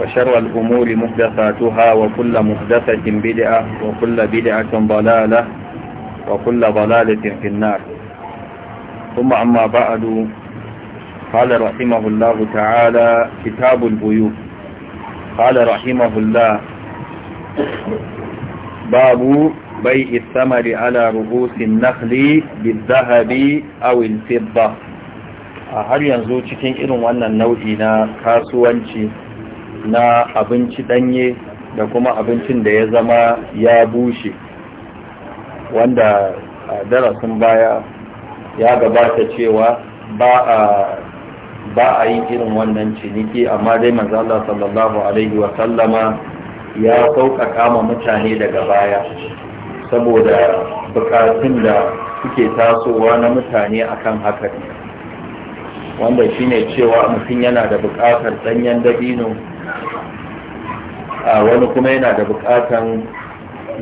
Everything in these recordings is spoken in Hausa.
وشر الأمور محدثاتها وكل محدثة بدعة وكل بدعة ضلالة وكل ضلالة في النار ثم أما بعد قال رحمه الله تعالى كتاب البيوت قال رحمه الله باب بيع الثمر على رؤوس النخل بالذهب أو الفضة هل ينزو cikin irin wannan nau'i na kasuwanci na abinci danye da kuma abincin da ya zama ya bushe wanda a darasin baya ya gabata cewa ba a ba a yi irin wannan ciniki amma dai manzo sallallahu alaihi wa sallama ya sauƙaƙa ma mutane daga baya saboda bukatun da suke tasowa na mutane akan haka wanda shi ne cewa mutum yana da buƙatar ɗanyen dabino a wani kuma yana da buƙatar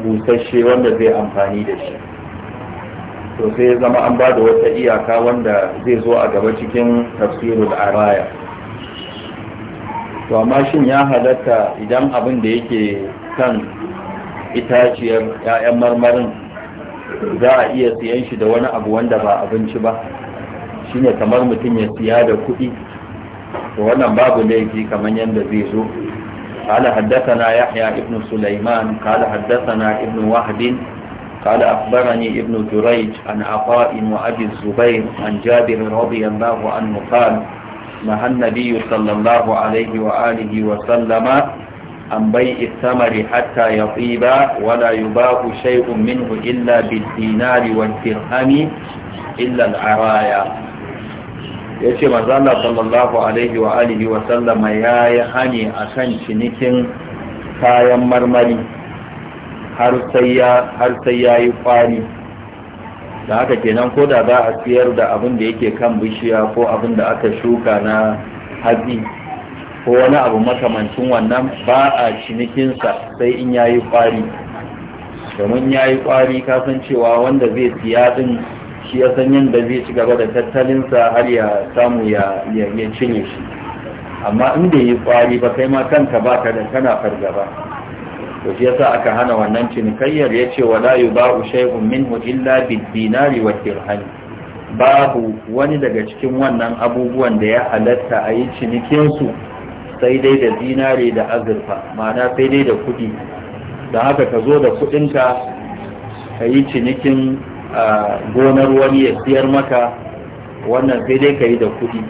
busasshe wanda zai amfani da shi to sai ya zama an ba da wata iyaka wanda zai zo a gaba cikin tafsirul araya to amma shin ya halatta idan abin da yake kan itaciyar 'ya'yan marmarin za a iya siyan shi da wani abu wanda ba abinci ba shine kamar mutum ya siya da kuɗi to wannan babu laifi kamar yadda zai zo قال حدثنا يحيى ابن سليمان قال حدثنا ابن وهب قال أخبرني ابن جريج عن عطاء وأبي الزبير عن جابر رضي الله عنه قال نهى النبي صلى الله عليه وآله وسلم عن بيع الثمر حتى يطيب ولا يباع شيء منه إلا بالدينار والدرهم إلا العرايا ya ce mazala sallallahu alaihi wa alihi wa sallama ya yi hani a kan cinikin kayan marmari har sai ya yi kwani da haka kenan ko da za a siyar da abin da yake kan bishiya ko abin da aka shuka na hatsi ko wani abu makamancin wannan ba a cinikinsa sai in ya yi kwari domin ya yi kwari kasancewa wanda zai siya din shi ya san yadda zai ci gaba da tattalinsa har ya samu ya cinye shi amma in bai yi kwari ba kai ma kanka ba ka da kana fargaba to shi yasa aka hana wannan cinikayyar ya ce wala yuba'u shay'un minhu illa bid dinari wa dirhami babu wani daga cikin wannan abubuwan da ya halatta a yi cinikin su sai dai da dinari da azurfa ma'ana sai dai da kuɗi da haka ka zo da kuɗinka ka yi cinikin A gonar wani ya siyar maka wannan sai dai ka yi da kuɗi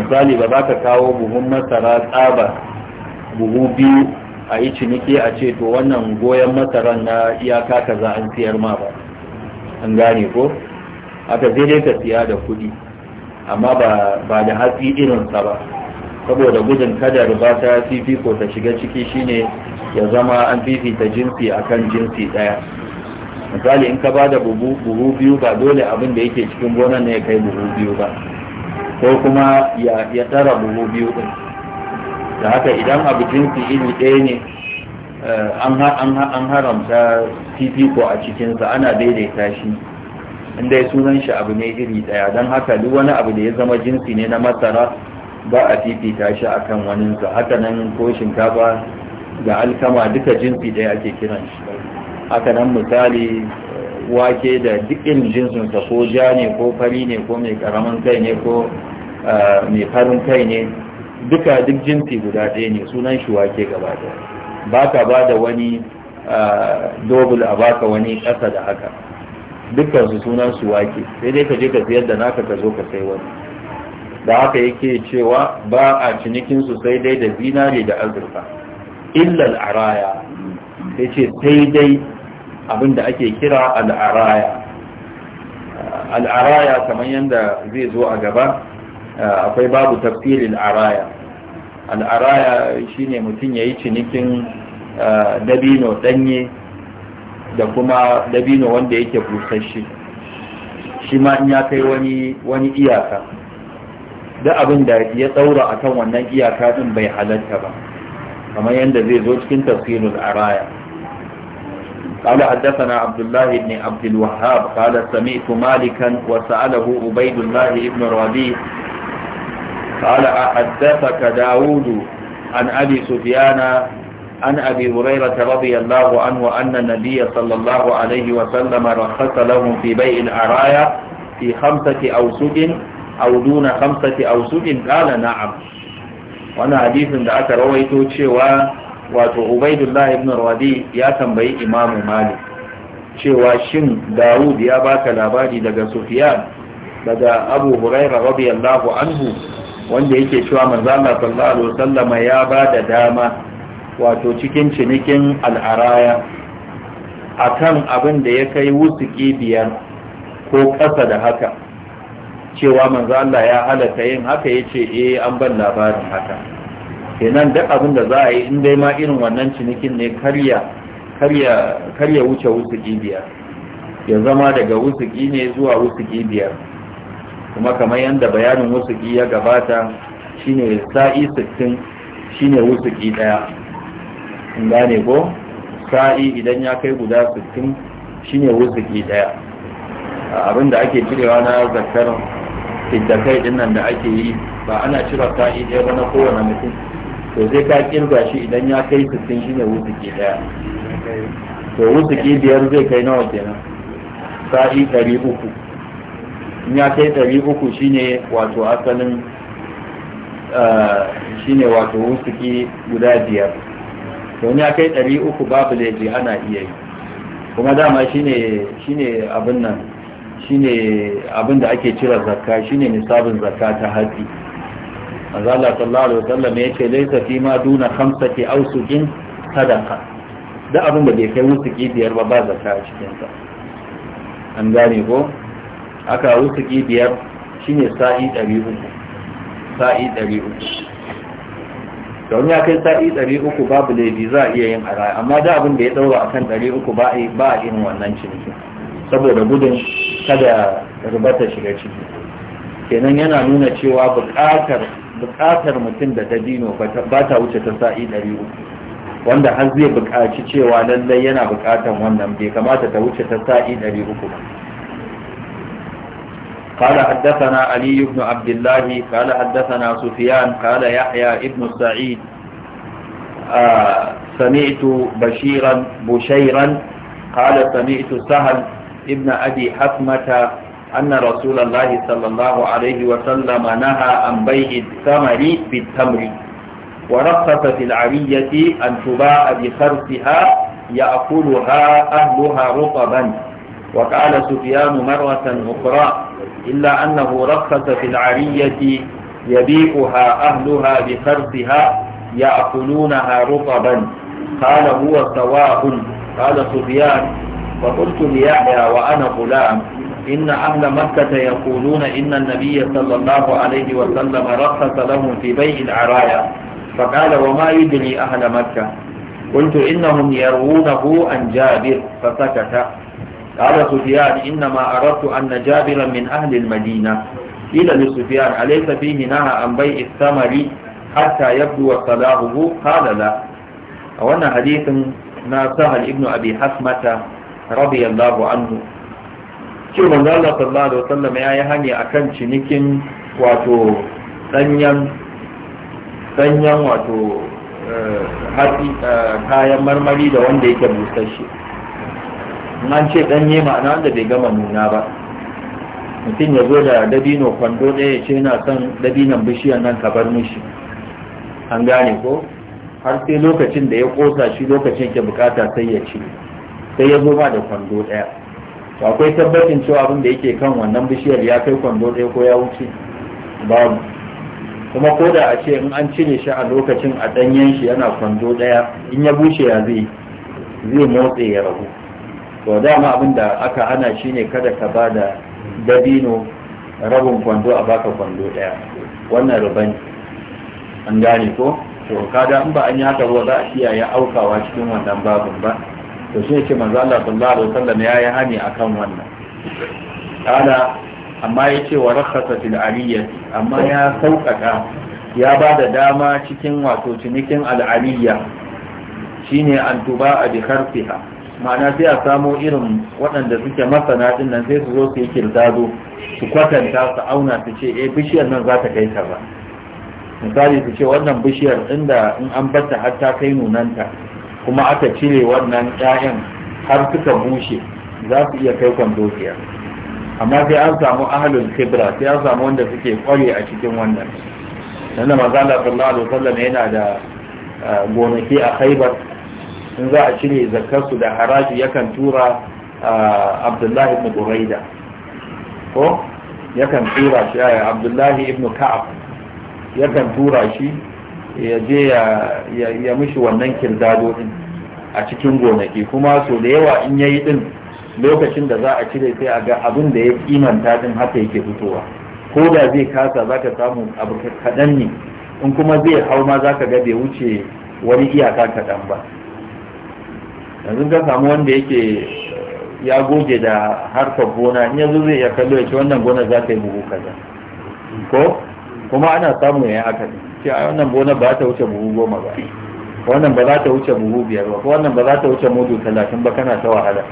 misali ba za ka kawo buhun masara tsaba buhu biyu a yi ciniki a ce to wannan goyon masaran na iyaka za an siyar ma ba an gane ko aka sai dai ka siya da kuɗi amma ba da hatsi irinsa ba saboda gudun kada ba ta fifiko ta shiga ciki shine ya zama an fifita jinsi akan jinsi ɗaya misali in ka ba da buhu biyu ba dole abin da yake cikin gonar ne ya kai buhu biyu ba ko kuma ya tara buhu biyu din da haka idan abu jinsi iri ɗaya ne eh, an haramta fifiko a cikinsa ana daidaita shi inda ya sunan shi abu ne iri ɗaya don haka duk wani abu da ya zama jinsi ne na masara ba a fifita shi akan waninsa haka nan ko shinkafa ga alkama duka jinsi ɗaya ake kiran shi haka nan misali wake da dukkan jinsinsa ko ja ne ko fari ne ko mai karamin kai ne ko mai farin kai ne duka duk jinsi guda ɗaya ne sunan shi wake gaba ba ka ba da wani dobul a baka wani ƙasa da haka dukkan su sunan su wake sai dai ka je ka siyar da naka ka zo ka sai wani da haka yake cewa ba a cinikin su sai dai da zinare da azurfa illal araya ce sai dai abinda ake kira al'araya al'araya kamar yadda zai zo a gaba akwai babu tafsirin araya al'araya shine mutum ya yi cinikin dabino ɗanye da kuma dabino wanda yake busasshe shi ma in ya kai wani iyaka da abin da ya tsaura akan wannan iyaka din bai halatta ba kamar yadda zai zo cikin tafsirin araya قال حدثنا عبد الله بن عبد الوهاب قال سمعت مالكا وسأله عبيد الله بن ربيع قال أحدثك داود عن أبي سفيان عن أبي هريرة رضي الله عنه أن النبي صلى الله عليه وسلم رخص لهم في بيع العرايا في خمسة أوسج أو دون خمسة أوسج قال نعم وانا حديث دعك رويته شوى wato ubaidullah ibn Rawadi ya tambayi imamu malik cewa shin dawud ya baka labari daga sufyan daga abu huraira radiyallahu anhu wanda yake cewa manzo Allah sallallahu alaihi wasallam ya bada dama wato cikin cinikin al'araya akan abin da ya kai wusuki biyar ko ƙasa da haka cewa manzo Allah ya halatta yin haka yace eh an ban labarin haka kenan duk abin da za a yi in dai ma irin wannan cinikin ne karya wuce wusuki biyar ya zama daga wusuki ne zuwa wusuki biyar kuma kamar yadda bayanin wusuki ya gabata shine sa'i 60 shine wusuki daya in gane ko sa'i idan ya kai guda 60 shine wusuki daya da ake cirewa na zakar fidda kai dinnan da ake yi ba ana cire sa'i daya ba na kowane mutum to zai ka kirga shi idan ya kai sittin shine wuzuki daya to wuzuki biyar zai kai nawa kenan sa'i ɗari uku in ya kai ɗari uku shine wato asalin eh, ne wato wuzuki guda biyar to in ya kai ɗari uku babu laifi ana iya yi kuma dama shine ne abin nan ne abin da ake cire zakka shine nisabin zakka ta hatsi manzo Allah sallallahu alaihi wasallam yake laisa fi ma duna ki awsuqin sadaqa da abin da bai kai wusuki biyar ba ba zakka a cikin sa an gane ko aka wusuki biyar shine sa'i 300 sa'i 300 wani ya kai sa'i 300 babu laifi za a iya yin raya amma da abin da ya daura akan 300 ba a irin wannan ciniki saboda gudun kada rubata shiga ciki kenan yana nuna cewa buƙatar bukatar mutum da dabino ba ta wuce ta sa'i 300 wanda har zai bukaci cewa lallai yana bukatar wannan bai kamata ta wuce ta sa'i 300 ba قال حدثنا علي بن عبد الله قال حدثنا سفيان قال يحيى بن سعيد آه سمعت بشيرا بشيرا قال سمعت سهل ابن أبي حكمة أن رسول الله صلى الله عليه وسلم نهى عن بيع الثمر بالتمر ورخص في العرية أن تباع بخرسها يأكلها أهلها رطبا وقال سفيان مرة أخرى إلا أنه رخص في العرية يبيعها أهلها بخرسها يأكلونها رطبا قال هو سواء قال سفيان فقلت ليحيى وأنا غلام إن أهل مكة يقولون إن النبي صلى الله عليه وسلم رخص لهم في بيع العرايا فقال وما يدري أهل مكة قلت إنهم يروونه عن جابر فسكت قال سفيان إنما أردت أن جابرا من أهل المدينة قيل لسفيان أليس فيه نهى عن بيع الثمر حتى يبدو صلاحه قال لا وأن حديث ما سهل ابن أبي حسمة رضي الله عنه ce manzo Allah sallallahu alaihi wasallam yi hani akan cinikin wato danyan danyan wato eh, hatsi eh, kayan marmari da wanda yake busasshe an ce danye ma'ana wanda bai gama nuna ba mutum ya zo da dabino kwando ɗaya ya ce yana son dabinon bishiyar nan ka bar mishi an gane ko har sai lokacin da ya kosa shi lokacin ke bukata sai ya ce, sai ya zo ma da kwando ɗaya to akwai tabbacin cewa abin da yake kan wannan bishiyar ya kai kwando ɗaya ko ya wuce babu kuma ko da a ce in an cire shi a lokacin a ɗanyen shi yana kwando ɗaya in ya bushe ya zai zai motsa ya ragu to dama abin da aka hana shi ne kada ka ba da dabino rabin kwando a baka kwando ɗaya wannan ruban an gane ko to kada in ba an yi haka ba za a ya aukawa cikin wannan babin ba to shi yake manzo Allah sallallahu alaihi wasallam ya yi hani akan wannan kana amma ya ce wa rakhasa fil amma ya sauƙaƙa ya ba da dama cikin wato cinikin al'aliyya shine an tuba a bi harfiha ma'ana sai a samo irin waɗanda suke masana din nan sai su zo su yi kirdado su kwatanta su auna su ce eh bishiyar nan za ta kai kaza misali su ce wannan bishiyar inda in an batta har ta kai nunanta kuma aka cire wannan 'ya'yan har suka bushe za su iya kai kwando biyar amma sai an samu ahlul kibra sai an samu wanda suke kware a cikin wannan nan da manzo Allah sallallahu yana da gonaki a Khaibar in za a cire zakar su da haraji yakan tura Abdullahi ibn Buraida ko yakan tura shi Abdullahi ibn Ka'ab yakan tura shi ya je ya mishi wannan kirdado din a cikin gonaki kuma so da yawa in ya yi din lokacin da za a cire sai a ga abin da ya kimanta din haka yake fitowa ko da zai kasa za ka samu abu kaɗan ne in kuma zai hau ma za ka ga bai wuce wani iyaka kaɗan ba yanzu ka samu wanda yake ya goge da harkar gona in yanzu zai iya kallo ya ce wannan gona za ta yi buhu kaza ko kuma ana samu ya haka ce a wannan bona ba ta wuce buhu goma ba wannan ba za ta wuce buhu biyar ba wannan ba za ta wuce mudu talatin ba kana ta wahala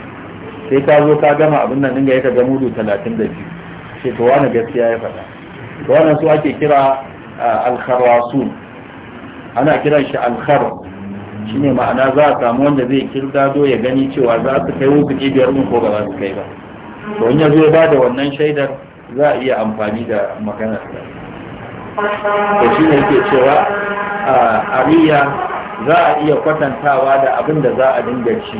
sai ka zo ka gama abin nan dinga ya ga mudu talatin da biyu ce to wani gaskiya ya faɗa wannan su ake kira alkharwasu ana kiran shi alkhar shi ne ma'ana za a samu wanda zai kirga ya gani cewa za su kai wuzuki biyar ɗin ko ba za su kai ba to in ya zo ba da wannan shaidar za a iya amfani da maganarsa to shi ne yake cewa a ariya za a iya kwatantawa da abin da za a dinga ci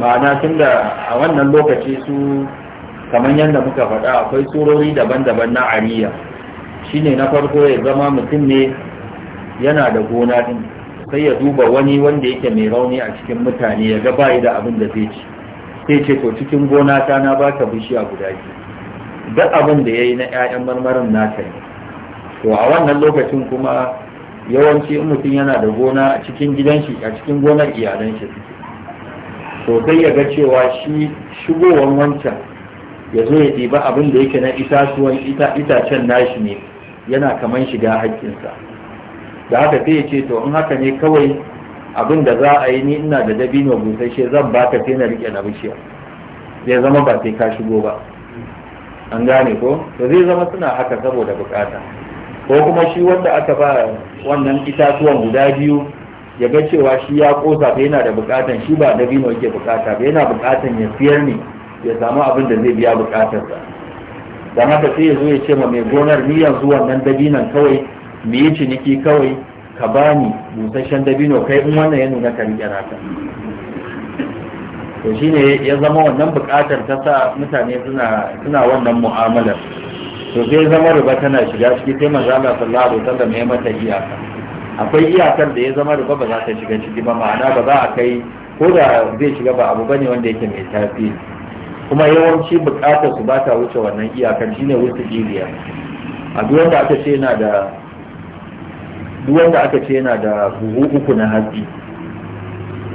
ma'ana tunda a wannan lokaci su kamar yadda muka faɗa akwai tsorori daban-daban na ariya Shi ne na farko ya zama mutum ne yana da gona din sai ya duba wani wanda yake mai rauni a cikin mutane ya ga da abin da zai ci sai ce to cikin gona ta na ba baka bishiya guda biyu duk abin da yi na 'ya'yan marmarin naka ne to a wannan lokacin kuma yawanci in mutum yana da gona a cikin gidan a cikin gonar iyalan shi to sai ya ga cewa shi shigowar wancan ya zo ya ɗiba abin da yake na itatuwan itacen nashi ne yana kamar shiga haƙƙinsa da haka sai ya ce to in haka ne kawai abin da za a yi ni ina da dabino busasshe zan baka sai na riƙe na bishiyar zai zama ba sai ka shigo ba an gane ko to zai zama suna haka saboda buƙata. ko kuma shi wanda aka ba wannan itatuwan guda biyu ya ga cewa shi ya kosa ba yana da bukatan shi ba dabino yake bukata ba yana bukatan ya siyar ne ya samu abin da zai biya sa dan haka sai ya zo ya ce ma mai gonar ni yanzu wannan dabinan kawai mu yi ciniki kawai ka bani busasshen dabino kai in wannan ya nuna ka riƙe naka to shine ya zama wannan bukatar ta sa mutane suna wannan mu'amalar to sai zama riba tana shiga ciki sai manzo Allah sallallahu alaihi wasallam ya mata iyaka akwai iyakar da ya zama riba ba za ta shiga ciki ba ma'ana ba za a kai ko da zai shiga ba abu bane wanda yake mai tafi kuma yawanci bukatar su ba ta wuce wannan iyakar shine wuce jiriya a duk wanda aka ce yana da duk wanda aka ce yana da buhu uku na hatsi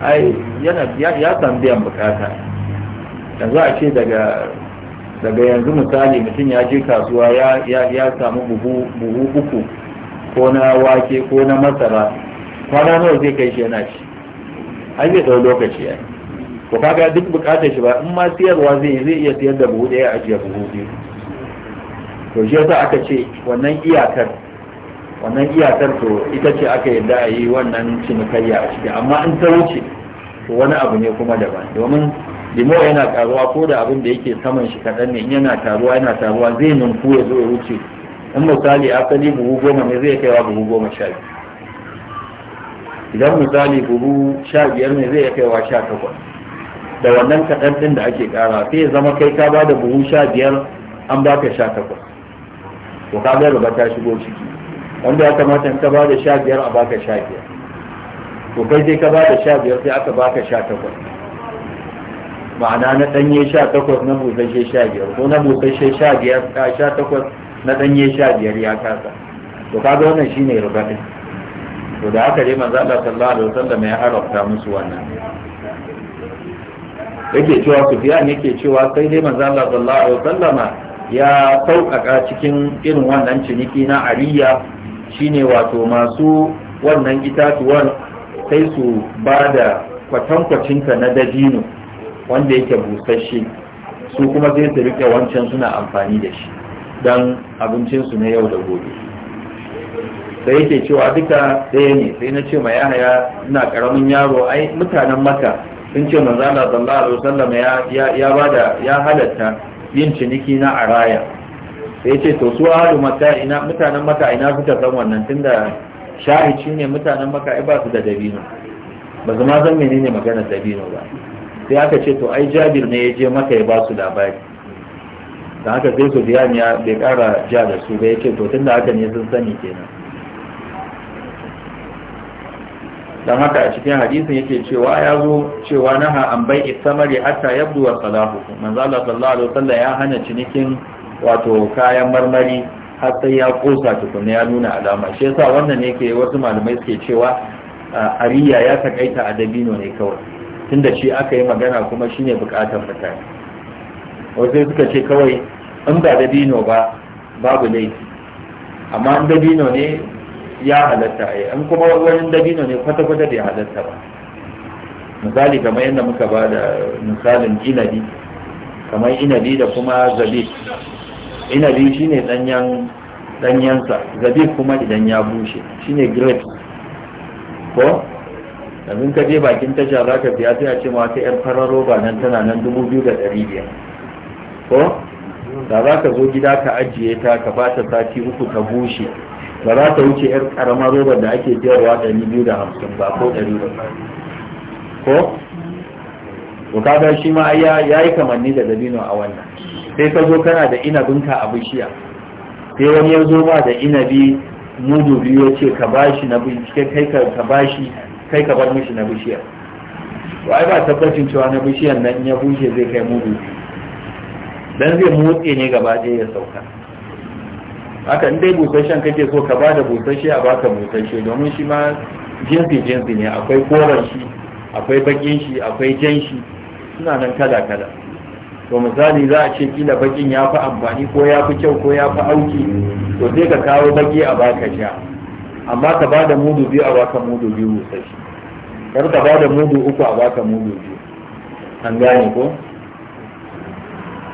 ai yana ya san biyan bukata yanzu a ce daga daga yanzu misali mutum ya je kasuwa ya samu buhu uku ko na wake ko na masara kwana nawa zai kai shi yana ci An zai ɗau lokaci ya ko kaga duk bukatar shi ba in ma siyarwa zai zai iya siyar da buhu ɗaya jiya buhu biyu to shi yasa aka ce wannan iyakar wannan iyakar to ita ce aka yarda a yi wannan cinikayya a ciki amma in ta wuce to wani abu ne kuma daban domin limo yana taruwa ko da abin da yake saman shi kaɗan ne in yana taruwa yana taruwa zai ninku ya zo ya wuce in misali asali buhu goma ne zai kaiwa buhu goma sha biyu idan misali buhu sha biyar ne zai kaiwa sha takwas da wannan kaɗan ɗin da ake ƙara sai ya zama kai ka ba da buhu sha biyar an baka sha takwas to ka ga riba ta shigo ciki wanda ya kamata in ka ba da sha biyar a baka sha biyar to kai sai ka ba da sha biyar sai aka baka sha takwas ma'ana na ɗanye sha takwas na busashe sha biyar ko na busashe sha biyar sha takwas na ɗanye sha biyar ya kasa to kaga wannan shine riba ɗin to da haka dai manzo Allah sallallahu alaihi wasallam ya harafta musu wannan yake cewa ne yake cewa sai dai manzo Allah sallallahu alaihi wasallama ya sauƙaƙa cikin irin wannan ciniki na ariya shine wato masu wannan itatuwar sai su ba da kwatankwacinta na dabino wanda yake busasshe su kuma sai su rike wancan suna amfani da shi don abincinsu na yau da gobe sai yake cewa duka ɗaya ne sai na ce ma haya na ƙaramin yaro ai mutanen maka sun ce manzo Allah sallallahu alaihi wasallam ya ya bada ya halatta yin ciniki na araya sai ce to su ahlu maka ina mutanen maka ina suka san wannan tunda shahici ne mutanen maka ai ba su da dabino ba zama san menene magana dabino ba sai aka ce to ai jabir ne ya je maka ya ba su labari da haka sai su biya ya bai kara ja da su ba ya ce to tun da haka ne sun sani kenan don haka a cikin hadisin yake cewa ya zo cewa na ha an bai isamari hatta yabdu wa salahu manzo Allah sallallahu alaihi wasallam ya hana cinikin wato kayan marmari har sai ya kosa tukunna ya nuna alama shi yasa wannan ne ke wasu malamai suke cewa ariya ya takaita a dabino ne kawai tunda shi aka yi magana kuma shi ne bukatar mutane wasu suka ce kawai in ba dabino ba babu laifi amma in dabino ne ya halatta a in kuma wani dabino ne kwata-kwata bai halatta ba misali kamar yadda muka ba da misalin inabi kamar inabi da kuma zabi inabi shi danyen danyensa zabi kuma idan ya bushe shine grape ko domin ka je bakin tasha za ka biya sai a ce ma ta yar farar roba nan tana nan dubu biyu da ɗari biyar ko da za ka zo gida ka ajiye ta ka ba ta sati uku ta bushe ba za ta wuce yar ƙaramar roba da ake siyarwa ɗari biyu da hamsin ba ko ɗari ba ko to ga shi ma ya yi kamanni da dabino a wannan sai ka zo kana da inabinka a bishiya sai wani ya zo ba da inabi mudu biyu ya ce ka bashi na bincike kai ka bashi kai ka bar mishi na bishiyar to ai ba tabbacin cewa na bishiyar nan ya bushe zai kai mudu dan zai motse ne gaba ɗaya ya sauka haka in dai busasshen kake so ka bada busasshe a baka busasshe domin shi ma jinsi jinsi ne akwai koren shi akwai bakin shi akwai jan shi suna nan kala kala to misali za a ce kila bakin ya fi amfani ko ya fi kyau ko ya fi auki to sai ka kawo baki a baka ja amma ka ba da mudu biyu a baka mudu biyu busashi kar ka ba da mudu uku a baka mudu biyu an gane ko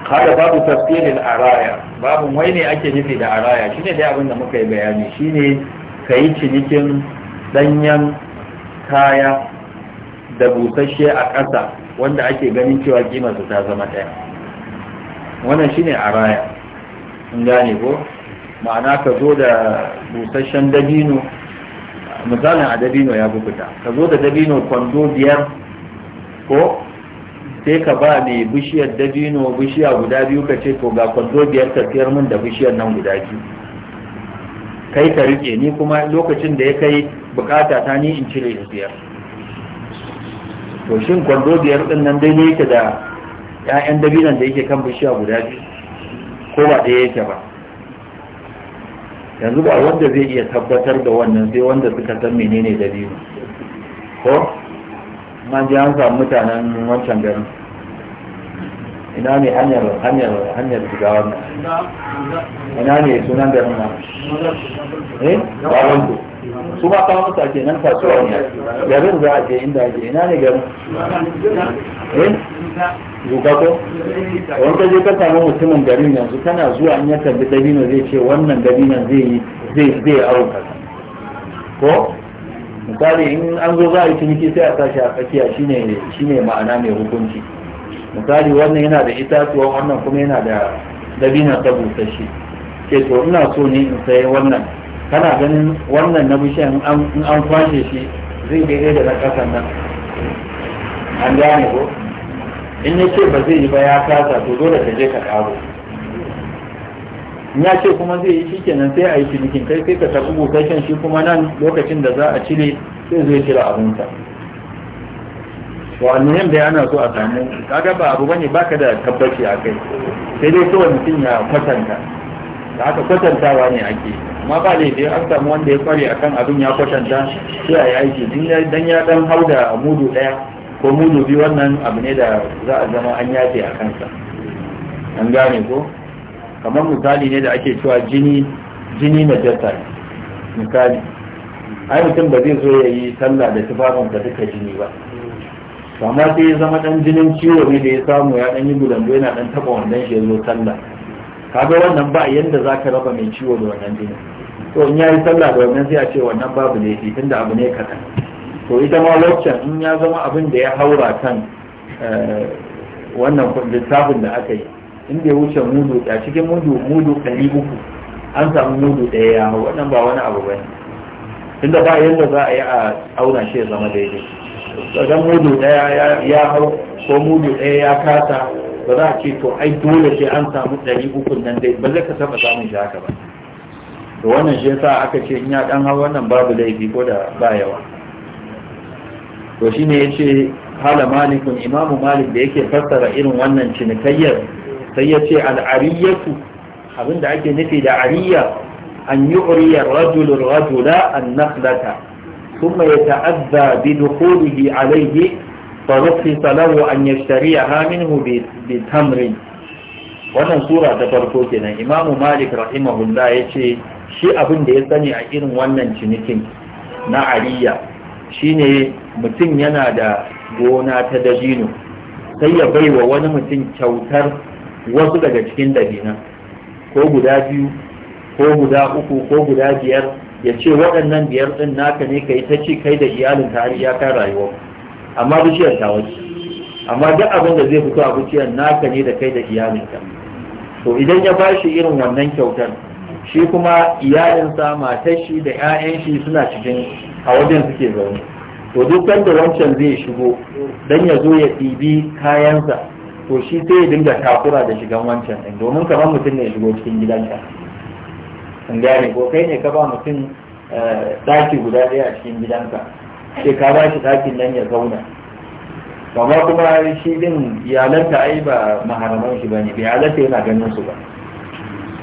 kada babu tafsirin araya babu wai ne ake nufi da araya shine dai abin da muka yi bayani shine ka yi cinikin danyen kaya da busasshe a ƙasa wanda ake ganin cewa kimarsa ta zama ɗaya wannan shine araya an gane ko ma'ana ka zo da busasshen dabino misalin a dabino ya bukuta ka zo da dabino kwando biyar ko sai ka ba mai bishiyar dabino bishiya guda biyu ka ce to ga kwando biyar ka siyar min da bishiyar nan guda biyu kai ka rike ni kuma lokacin da ya kai bukata ta ni in cire in siyar to shin kwando biyar din nan ne yake da 'ya'yan dabinon da yake kan bishiya guda biyu ko ba ɗaya yake ba yanzu ba wanda zai iya tabbatar da wannan sai wanda suka san menene dalilin ko man ji an samu mutanen wancan garin ina ne hanyar hanyar hanyar shiga wannan ina ne sunan garin nan eh baron su ba kawo musu ake nan kasuwa ne garin za a je inda ake ina ne garin eh zuka ko wani je ka samu mutumin garin yanzu kana zuwa in ya kalli dabino zai ce wannan dabinon zai yi zai zai aro kaza ko misali in an zo za a yi ciniki sai a tashi a tsakiya shine shine ma'ana mai hukunci misali wannan yana da itatuwa wannan kuma yana da dabinon ta busasshe ce to ina so ne in sayi wannan kana ganin wannan na bishiyan in an kwashe shi zai daidai da na kasan nan an gane ko in ya ce ba zai yi ba ya kasa to dole ka je ka karo in ya ce kuma zai yi shi kenan sai a yi cinikin kai sai ka tafi bukashin shi kuma nan lokacin da za a cire sai zai cire abinka wa annayin da yana so a samu kaga ba abu bane baka da tabbaci a kai sai dai kawai mutum ya kwatanta da aka kwatantawa ne ake amma ba dai an samu wanda ya kware akan abin ya kwatanta sai a yi aiki dan ya dan hau da mudu daya ko mudubi wannan abu ne da za a zama an yafe a kansa an gane ko kamar misali ne da ake cewa jini jini na jasa misali ai mutum ba zai so ya yi sallah da tufafin da duka jini ba amma sai ya zama dan jinin ciwo ne da ya samu ya dan yi gudando yana dan taba wannan shi ya zo sallah kaga wannan ba yanda ka raba mai ciwo da wannan jinin to in ya yi sallah da wannan sai a ce wannan babu ne tunda abu ne kaɗan to ita ma waccan in ya zama abin da ya haura kan eh, wannan littafin da aka yi inda ya wuce mudu a cikin mudu mudu ɗari uku an samu mudu ɗaya ya hau wannan ba wani abu bane tunda ba yadda za a yi a auna shi ya zama daidai tsadan mudu ɗaya ya hau ko mudu ɗaya ya kasa ba za a ce to ai dole sai an samu ɗari uku nan dai ba zai ka taɓa samun shi haka ba To wannan shi yasa aka ce in ya ɗan hau wannan babu laifi ko da ba yawa to ya yace hala malikun imamu malik da yake fassara irin wannan cinikayyar sai yace al-ariyatu abinda ake nufi da ariya an yu'riya rajulun rajula an-nakhlata ثم يتأذى بدخوله عليه an له أن يشتريها bi بتمر wannan sura ta farko kenan imamu malik rahimahullah ya ce shi abin da ya sani a irin wannan cinikin na ariya shine mutum yana da gona ta dabino sai ya bai wa wani mutum kyautar wasu daga cikin dabina, ko guda biyu ko guda uku ko guda biyar ya ce waɗannan biyar ɗin naka ne kai ta ce kai da iyalin ta har iyakar rayuwa amma bishiyar ta wace amma duk abin da zai fito a bishiyar naka ne da kai da iyalinka to idan ya ba shi irin wannan kyautar shi kuma iyalinsa matashi da 'ya'yan shi suna cikin a wajen suke zaune to duk wanda wancan zai shigo dan ya zo ya ɗibi kayansa to shi sai ya dinga takura da shigan wancan ɗin domin kamar mutum ne ya shigo cikin gidanka in gane ko kai ne ka ba mutum eh, ɗaki guda ɗaya a cikin gidanka sai ka ba shi ɗakin nan ya zauna amma kuma shi din iyalanta ai ba maharaman shi ne bai halatta yana ganin su ba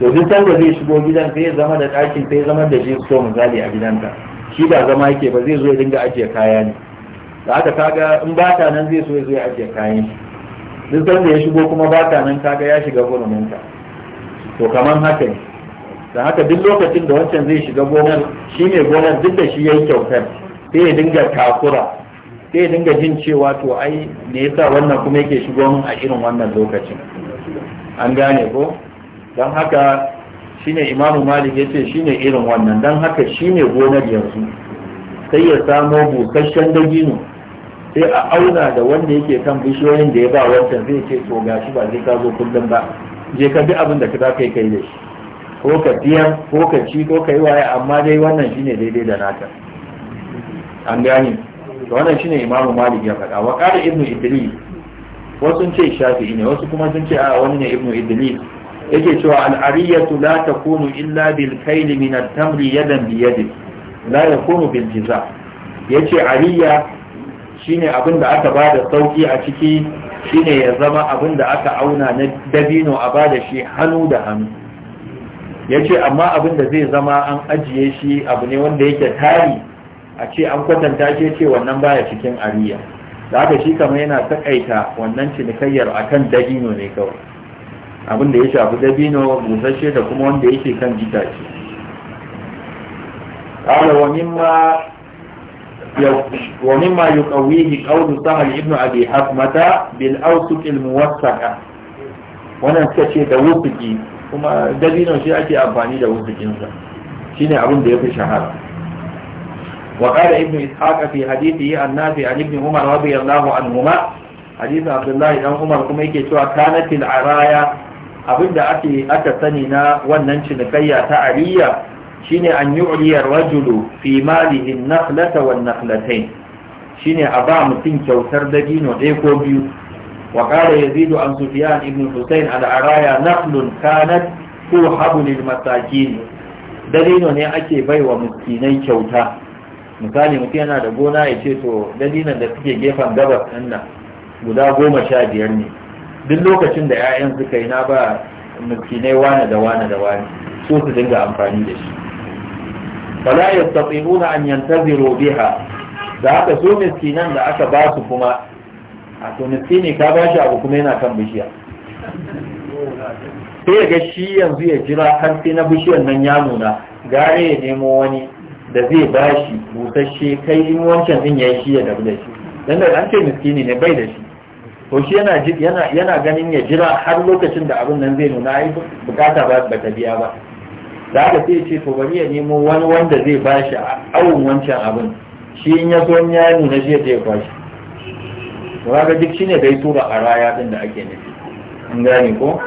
to duk sanda zai shigo gidan sai ya zama da ɗakin sai ya zama da shi misali a gidanka shi ba zama yake ba zai zo ya dinga ajiye kaya ne da haka kaga in ba ta nan zai so ya zo ya ajiye kayan shi duk da ya shigo kuma ba ta nan kaga ya shiga ka to kamar haka ne da haka duk lokacin da wancan zai shiga gonar shi ne gonar duk da shi ya yi kyautar sai ya dinga takura sai ya dinga jin cewa to ai me yasa wannan kuma yake shigo min a irin wannan lokacin an gane ko don haka shine imamu malik ya ce shine irin wannan don haka shine gonar yanzu sai ya samo bukashen dagino sai a auna da wanda yake kan bishiyoyin da ya ba wancan zai ce to gashi ba zai ka zo kullum ba je ka bi abin da ka za ka yi kai da shi ko ka biyan ko ka ci ko ka yi waye amma dai wannan shine daidai da naka an gane to wannan shine imamu malik ya faɗa wa qala ibnu idris wasu ce shafi'i ne wasu kuma sun ce a wani ne ibnu idris yake cewa al'ariyatu la kunu illa bil kayl min tamri yadan bi yadin la kunu bil jiza yace ariya shine abin da aka bada sauki a ciki shine ya zama abin da aka auna na dabino a bada shi hannu da hannu yace amma abin da zai zama an ajiye shi abu ne wanda yake tari a ce an kwatanta shi ce wannan baya cikin ariya da haka shi kamar yana takaita wannan cinikayyar akan dabino ne kawai abin da ya shafi dabino busashe da kuma wanda yake kan jitace qala wa mimma ومما يقويه قول سهل ابن أبي حكمة بالأوسك الموسكة wannan suka ce da wufuki kuma dabino shi ake amfani da wufukinsa shi ne abin da ya fi shahara wa ƙara ibn ishaqa fi hadithi an nafi an ibn umar radiyallahu anhuma hadithin abdullahi dan umar kuma yake cewa kanatil araya Abin da ake aka sani na wannan cinikayya ta ariya shine an uriyar rajulu fi malihi naflata wa naflatai, shine a ba mutum kyautar dabino ɗaya ko biyu wa ya zido an sufyan ibn hussain al araya nakhlun kanat tuhabu lil masakin ne ake bai wa muskinai kyauta misali mutum yana da gona ya ce to dalilan da suke gefen gabas ɗin nan guda goma sha biyar ne duk lokacin da 'ya'yan suka yi na ba ne wane da wane da wane su su dinga amfani da shi fala yastati'una an yantaziru biha da haka su miskinan da aka ba su kuma a to miskini ka ba shi abu kuma yana kan bishiya sai ga shi yanzu ya jira har sai na bishiyar nan ya nuna gare ya nemo wani da zai ba shi busasshe kai in wancan din ya yi shi ya dabu da shi dan da an ce miskini ne bai da shi to shi yana yana ganin ya jira har lokacin da abin nan zai nuna ai bukata ba ba ta biya ba da haka sai ce to bari ya nemo wani wanda zai bashi awon wancan abin shi in ya zo ya nuna shi ya bashi to kaga duk shine dai tura araya din da ake nufi an gane ko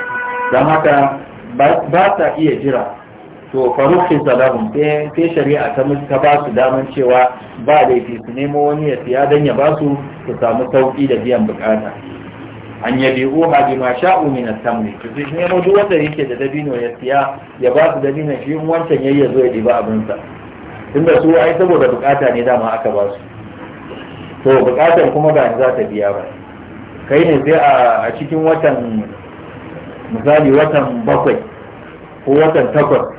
dan haka ba ta iya jira to faruqi Salamun, ke shari'a ta ta ba su daman cewa ba laifi su nemo wani ya siya don ya ba su su samu sauƙi da biyan bukata an yabi uha bi ma sha'u min at-tamri to shi mu duwa da yake da dabino ya siya ya ba su dabino shi wancan yayi ya zo ya diba abin sa tunda su ai saboda bukata ne dama aka ba su to bukatar kuma ba za ta biya ba kai ne sai a cikin watan misali watan bakwai ko watan takwas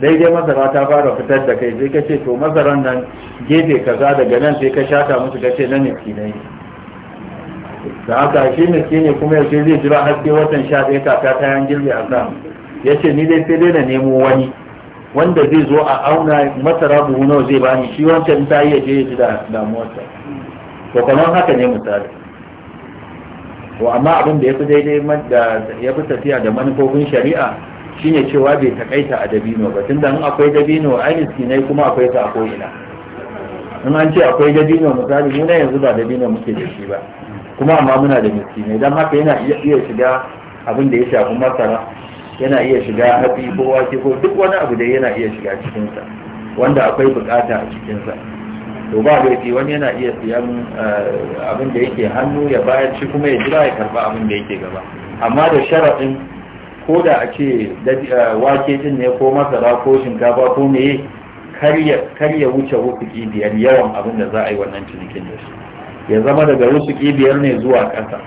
daidai masara ta fara fitar da kai sai ka ce to masaran nan gefe kaza daga nan sai ka shata musu ka ce na miskinai da haka shi ne kuma ce zai jira haske watan sha ɗaya kaka ta yan girbe a sa ya ce ni dai sai dai na nemo wani wanda zai zo a auna masara buhu nawa zai bani shi wancan ta iya je ya ji da damuwarsa to kamar haka ne misali to amma abin da ya fi daidai da ya fi tafiya da manufofin shari'a shine cewa bai takaita a dabino ba tunda in akwai dabino ai miskinai kuma akwai ta a ko'ina in an ce akwai dabino misali nuna yanzu ba dabino muke da shi ba kuma amma muna da miskinai don haka yana iya shiga abin da ya shafi masara yana iya shiga hatsi ko wake ko duk wani abu da yana iya shiga cikinsa wanda akwai bukata a cikinsa to ba laifi wani yana iya siyan eh, abin da yake hannu ya bayar shi kuma ya jira ya karba abin da yake gaba amma da sharaɗin ko da a ce eh, wake din ne ko masara ko shinkafa ko meye kar ya wuce rufuki biyar yawan abin da za a yi wannan cinikin da su ya zama daga rufuki biyar ne zuwa ƙasa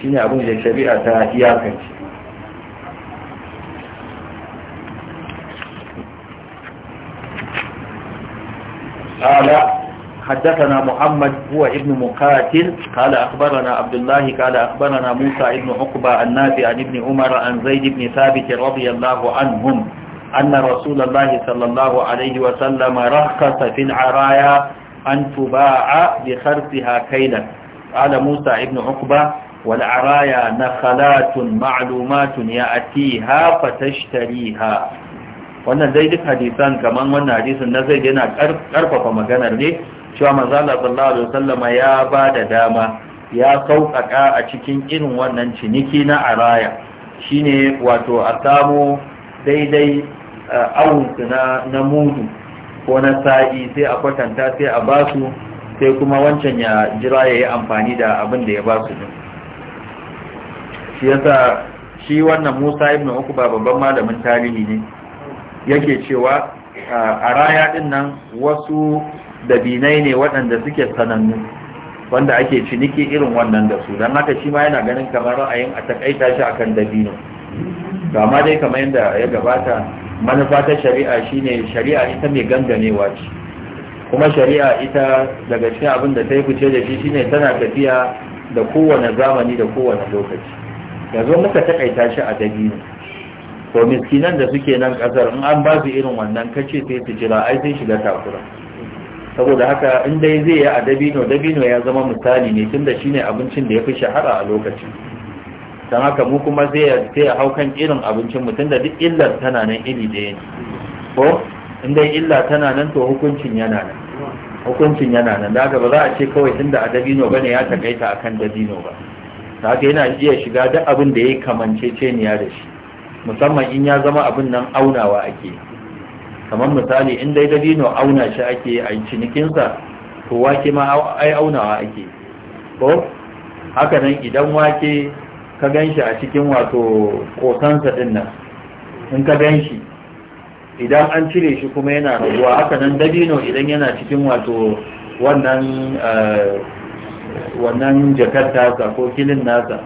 shine abin da shari'a ta iyakance قال حدثنا محمد هو ابن مقاتل قال أخبرنا عبد الله قال أخبرنا موسى ابن عقبة النافع عن ابن عمر عن زيد بن ثابت رضي الله عنهم أن رسول الله صلى الله عليه وسلم رخص في العرايا أن تباع بخرسها كيلا قال موسى ابن عقبة والعرايا نخلات معلومات يأتيها فتشتريها wannan dai duk hadisan kamar wannan hadisin na zai yana karfafa maganar ne cewa manzala sallallahu alaihi wasallama ya ba da dama ya sauƙaƙa a cikin irin wannan ciniki na araya shine wato a samu daidai eh, awunsu na mudu ko na sa'i sai a kwatanta sai a basu sai kuma wancan ya jira ya yi amfani da abin da ya basu din shi yasa shi wannan musa ibn uku ba babban malamin tarihi ne yake cewa eh, a raya din nan wasu dabinai ne waɗanda suke sanannu wanda ake ciniki irin wannan da su don haka shi ma yana ganin kamar ra'ayin a takaita shi akan dabino ga ma dai kamar yadda ya gabata manufa ta shari'a shine shari'a ita mai ganganewa ce kuma shari'a ita daga cikin abin da ta yi fice da shi shine tana tafiya da kowane zamani da kowane lokaci yanzu muka takaita shi a dabino to miskinan da suke nan kasar in an ba su irin wannan kace sai su jira ai sai shiga takura saboda haka in dai zai yi a dabino dabino ya zama misali ne tunda shine abincin da ya fi shahara a lokaci don haka mu kuma zai ya hau kan irin abincin mu tunda duk illar tana nan iri ɗaya ne ko in dai illa tana nan to hukuncin yana nan hukuncin yana nan da haka ba za a ce kawai tunda a dabino ba ne ya takaita akan dabino ba ta haka yana iya shiga duk abin da ya kamanceceniya da shi musamman in ya zama abin nan aunawa ake yi kamar misali in dai dabino auna shi ake a cinikinsa to wake ma ai aunawa ake ko haka nan idan wake ka gan shi a cikin wato kosansa din nan in ka gan shi idan an cire shi kuma yana ruwa haka nan dabino idan yana cikin wato wannan eh, wannan jakarta tasa ko kilin nasa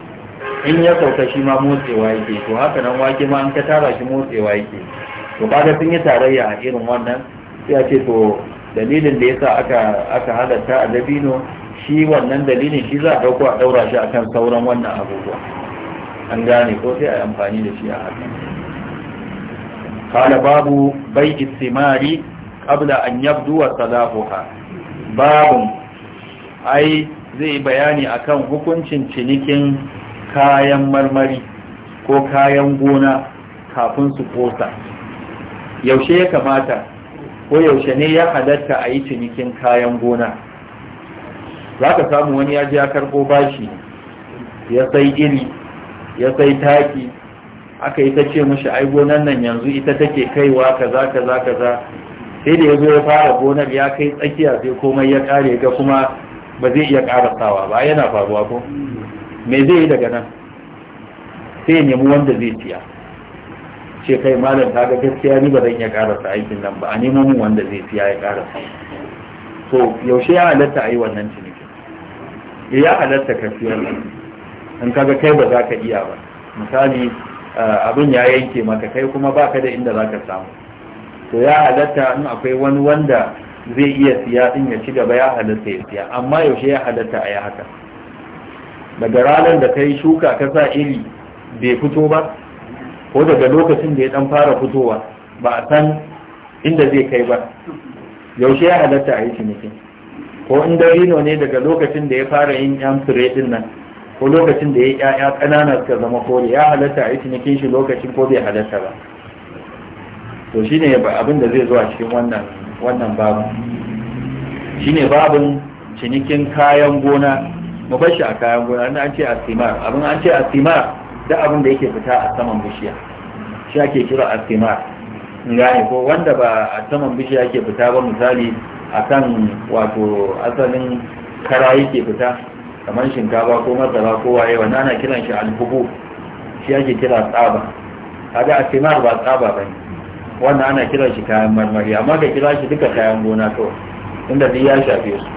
in ya sauka shi ma motsewa yake to haka nan wake ma an ka tara shi motsewa yake to kaga sun yi tarayya a irin wannan sai a ce to dalilin da yasa aka aka halatta a dabino shi wannan dalilin shi za a dauko a daura shi akan sauran wannan abubuwa an gane ko sai a amfani da shi a haka babu باب simari qabla an yabdu wa salahuha babu ai zai bayani akan hukuncin cinikin kayan marmari ko kayan gona kafin su kosa yaushe ya kamata ko yaushe ne ya halatta a yi cinikin kayan gona za ka samu wani ya ji ya karɓo bashi ya sai iri ya sai taki aka yi ta ce mashi ai gonan nan yanzu ita take kaiwa kaza kaza kaza sai da ya zo ya fara gonar ya kai tsakiya sai komai ya kare ga kuma ba zai iya karasawa ba yana faruwa ko me zai yi daga nan sai ya nemi wanda zai siya ce kai malam ta ga gaskiya ni ba zan iya karasa aikin nan ba a nemo min wanda zai fiya ya karasa to yaushe ya halatta a yi wannan cinikin eh, ya halatta ka fiye in ga kai ba za ka iya ba misali eh, abin ya yanke maka kai kuma ba ka da inda za ka samu to ya halatta in akwai wani wanda zai iya siya din ya ci gaba ya halatta ya siya amma yaushe ya halatta a yi haka daga ranar da kai shuka ka sa iri bai fito ba ko daga lokacin da ya dan fara fitowa ba a san inda zai kai ba yaushe ya halatta a yi ciniki ko in rino ne daga lokacin da ya fara yin yan fure din nan ko lokacin da ya yi ƴaƴa ƙanana suka zama kore ya halatta a yi cinikin shi lokacin ko bai halatta ba to shine abin da zai zo a cikin wannan wannan babu shine babin cinikin kayan gona mu bar shi a kayan gona an ce a simar abin an ce a simar duk abin da yake fita a saman bishiya shi ake kira astimar gane ko wanda ba a saman bishiya yake fita ba misali akan wato asalin kara yake fita kamar shinkafa ko masara ko waye wanda ana kiran shi alhubu shi ake kira tsaba kaga astimar ba tsaba bane wannan ana kiran shi kayan marmari amma ka kira shi duka kayan gona kawai inda duk ya shafe su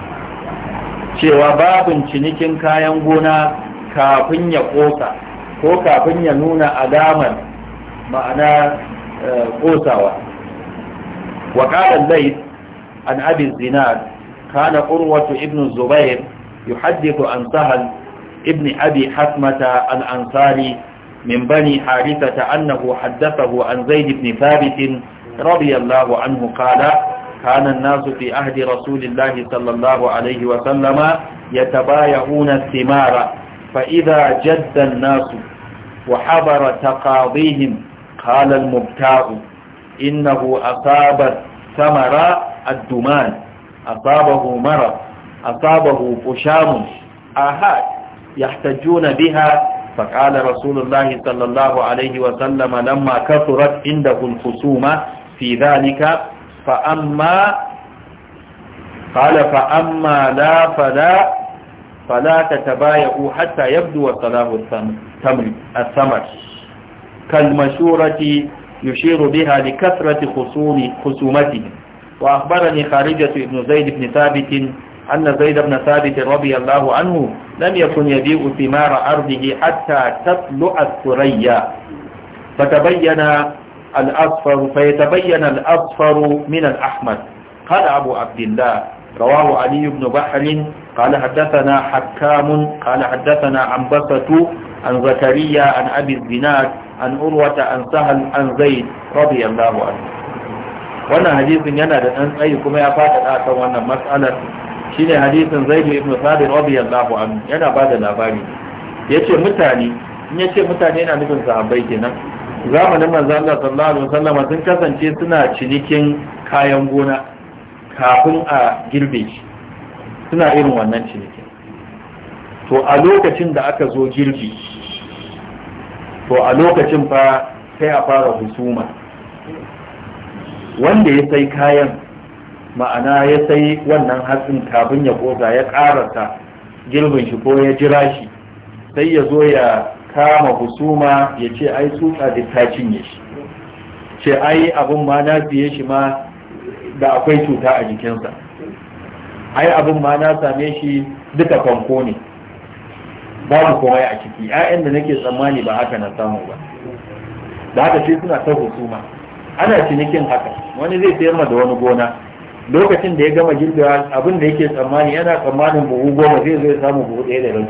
cewa babin cinikin kayan gona kafin ya kosa ko kafin ya nuna adaman ma'ana kosawa wa qala al-layth an abi zinad kana urwatu ibn zubair yuhaddithu an sahal ibn abi hatmata al-ansari من ta annahu أنه an zaid ibn بن radiyallahu anhu qala kana an-nasu fi ahdi rasulillahi sallallahu alayhi wa sallama yatabayahuna thimara fa idha jadda an-nasu وحضر تقاضيهم قال المبتاع إنه أصاب ثمر الدمان أصابه مرض أصابه فشام آهات يحتجون بها فقال رسول الله صلى الله عليه وسلم لما كثرت عنده الخصومة في ذلك فأما قال فأما لا فلا فلا تتبايعوا حتى يبدو صلاح الثمر كالمشورة يشير بها لكثرة خصوم خصومتهم وأخبرني خارجة بن زيد بن ثابت أن زيد بن ثابت رضي الله عنه لم يكن يبيع ثمار أرضه حتى تطلع الثريا فتبين الأصفر فيتبين الأصفر من الأحمر قال أبو عبد الله رواه علي بن بحر قال حدثنا حكام قال حدثنا عن بسة عن زكريا عن أبي الزناد عن أروة عن سهل عن زيد رضي الله عنه wannan hadisin yana da ɗan tsayi kuma ya faɗaɗa a kan wannan matsalar shine hadisin zaidu ibn sabir radiyallahu anhu yana ba da labari yace mutane in yace mutane yana nufin sahabbai kenan zamanin manzo Allah sallallahu alaihi wasallam sun kasance suna cinikin kayan gona kafin a girbe shi suna irin wannan ciniki to a lokacin da aka zo girbi to a lokacin fa sai a fara husuma wanda ya sai kayan ma'ana ya sai wannan hatsin kafin ya kosa ya karasa girbin shi ko ya jira shi sai ya zo ya kama husuma ya ce ai tsutsa da ta cinye shi ce ai abin ma na fiye shi ma da akwai cuta a jikinsa ai abin ma na same shi duka fanko ne babu kuma a ciki ƴaƴan da nake tsammani ba haka na samu ba da haka shi suna ta husuma ana cinikin haka wani zai sayar da wani gona lokacin da ya gama girbewa abin da yake tsammani yana tsammanin buhu goma zai zai samu buhu ɗaya da rai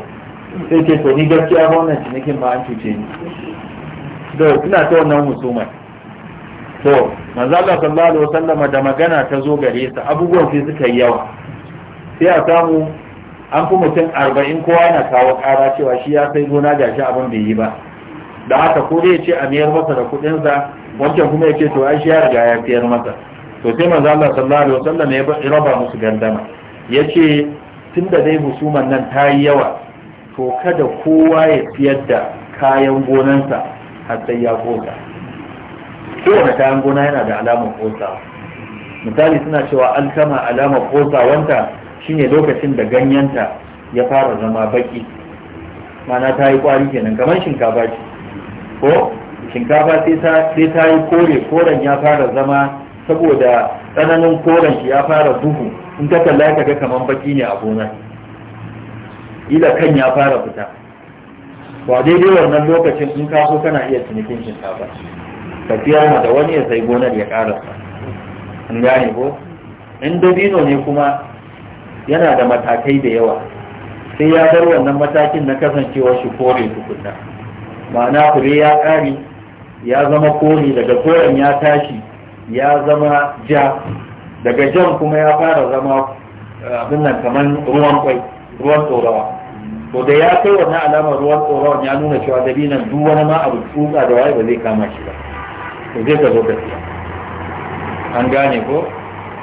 sai ce to ni gaskiya ba wannan cinikin ma an cuce ni da suna ta wannan husumar to manzo Allah sallallahu alaihi wasallam da magana ta zo gare sa abubuwan sai suka yi yawa sai a samu an fi mutum arba'in kowa na kawo kara cewa shi ya sai gona gashi abin bai yi ba da haka ko zai ce a miyar masa da kuɗinsa wancan kuma ya ce to ai shi ya riga ya fiyar masa to sai manzo Allah sallallahu alaihi wasallam ya raba musu gandama yace tunda dai husuman nan ta yi yawa to kada kowa ya fiyar da kayan gonansa har sai ya goga kowane kayan gona yana da alamar kosa misali suna cewa alkama alamar kosa wanta shine lokacin da ganyenta ya fara zama baki mana ta yi kwari kenan kamar shinkafa ce ko shinkafa sai ta yi kore koren ya fara zama saboda tsananin koren shi ya fara duhu in ka kalla ka ga kamar baki ne a gona ila kan ya fara fita ba daidai wannan lokacin in ka so kana iya cinikin shinkafa tafiya na da wani ya sai gonar ya karasa in gane ko in dabino ne kuma yana da matakai da yawa sai ya bar wannan matakin na kasancewa shi kore tukunna ma'ana fure ya kare ya zama kore daga koren ya tashi ya zama ja daga jan kuma ya fara zama eh, abin nan kamar ruwan kwai ruwan tsorawa to da ya kai wannan alamar ruwan tsorawa ya nuna cewa dabinan duk wani ma abu tsuka da waye ba zai kama shi ba to zai zabo da shi? an gane ko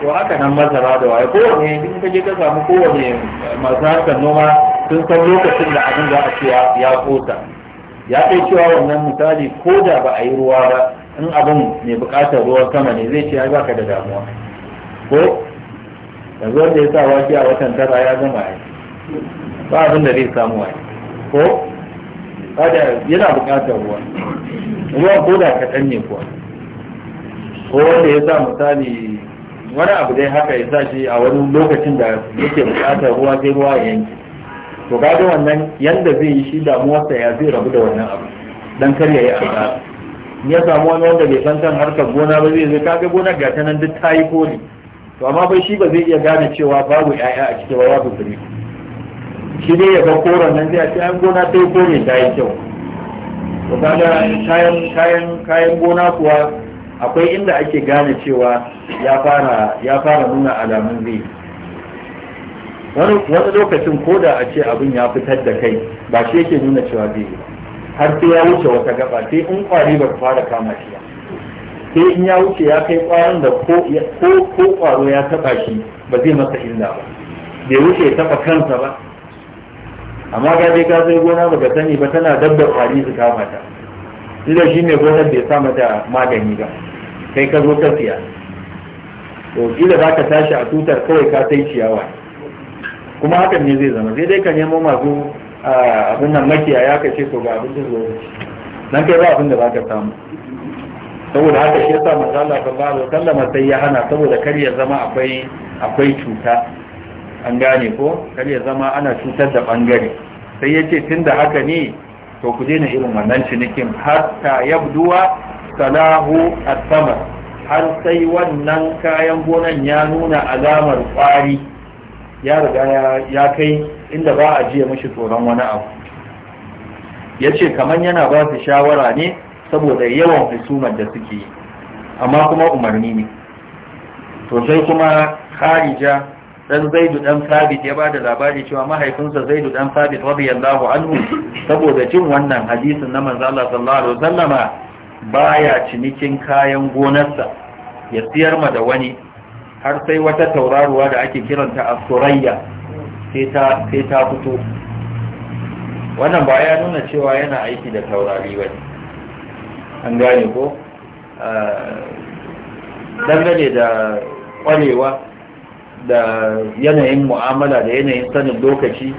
to aka nan masara da waye kowane in ka je ka samu kowane masu harkar noma sun san lokacin da abin za a ce ya kota ya kai cewa wannan misali ko da ba a yi ruwa ba in abin mai buƙatar ruwan sama ne zai ce ba ka da damuwa ko yanzu wanda ya sa wake a watan tara ya gama ya ba abin da zai samu ai ko kada yana buƙatar ruwa ruwan ko da kaɗan ne kuwa ko wanda ya sa misali wani abu dai haka ya sa shi a wani lokacin da yake bukatar ruwa sai ruwa ya yanke to kaga wannan yanda zai yi shi damuwarsa ya zai rabu da wannan abu dan kar ya yi asara ya samu wani wanda bai san kan harkar gona ba zai zai kaga gona ga ta nan duk ta yi koli to amma bai shi ba zai iya gane cewa babu ƴaƴa a cikin babu fure shi ne ya ga koren nan zai ce an gona ta yi kore ta yi kyau to kaga kayan kayan kayan gona kuwa akwai inda ake gane cewa ya fara nuna alamun zai wani lokacin ko da a ce abin ya fitar da kai ba shi yake nuna cewa zai yi har sai ya wuce wata gaba sai in kwari ba fara kama shi sai in ya wuce ya kai kwarin da ko ko kwaro ya taba shi ba zai masa illa ba bai wuce ya taba kansa ba amma ga dai ka sai gona baka sani ba tana dabda kwari su kama ta idan shi ne gonar bai sa mata magani ba kai ka zo ka siya to kila za ka tashi a tutar kawai ka sai ciyawa kuma hakan ne zai zama sai dai ka nemo masu abin nan makiyaya ka ce to ga abin da zo nan kai ba abin da za ka samu saboda haka shi yasa manzo Allah sallallahu alaihi wasallam sai ya hana saboda kar ya zama akwai akwai cuta an gane ko kar ya zama ana cutar da bangare sai yace tunda haka ne to ku daina irin wannan cinikin ta yabduwa salahu asamar har sai wannan kayan gonan ya nuna alamar kwari ya riga ya kai inda ba a jiya mashi tsoron wani abu ya ce kamar yana ba su shawara ne saboda yawan husumar da suke yi amma kuma umarni ne to sai kuma kharija dan zaidu dan sabit ya ba da labari cewa mahaifinsa zaidu dan sabit radiyallahu anhu saboda jin wannan hadisin na manzo Allah sallallahu alaihi wasallama baya cinikin kayan gonarsa ya siyar ma da wani har sai wata tauraruwa da ake kiranta as-surayya sai ta sai ta fito wannan ba ya nuna cewa yana aiki da taurari ba an gane ko ah, dangane da kwarewa da yanayin mu'amala da yanayin sanin lokaci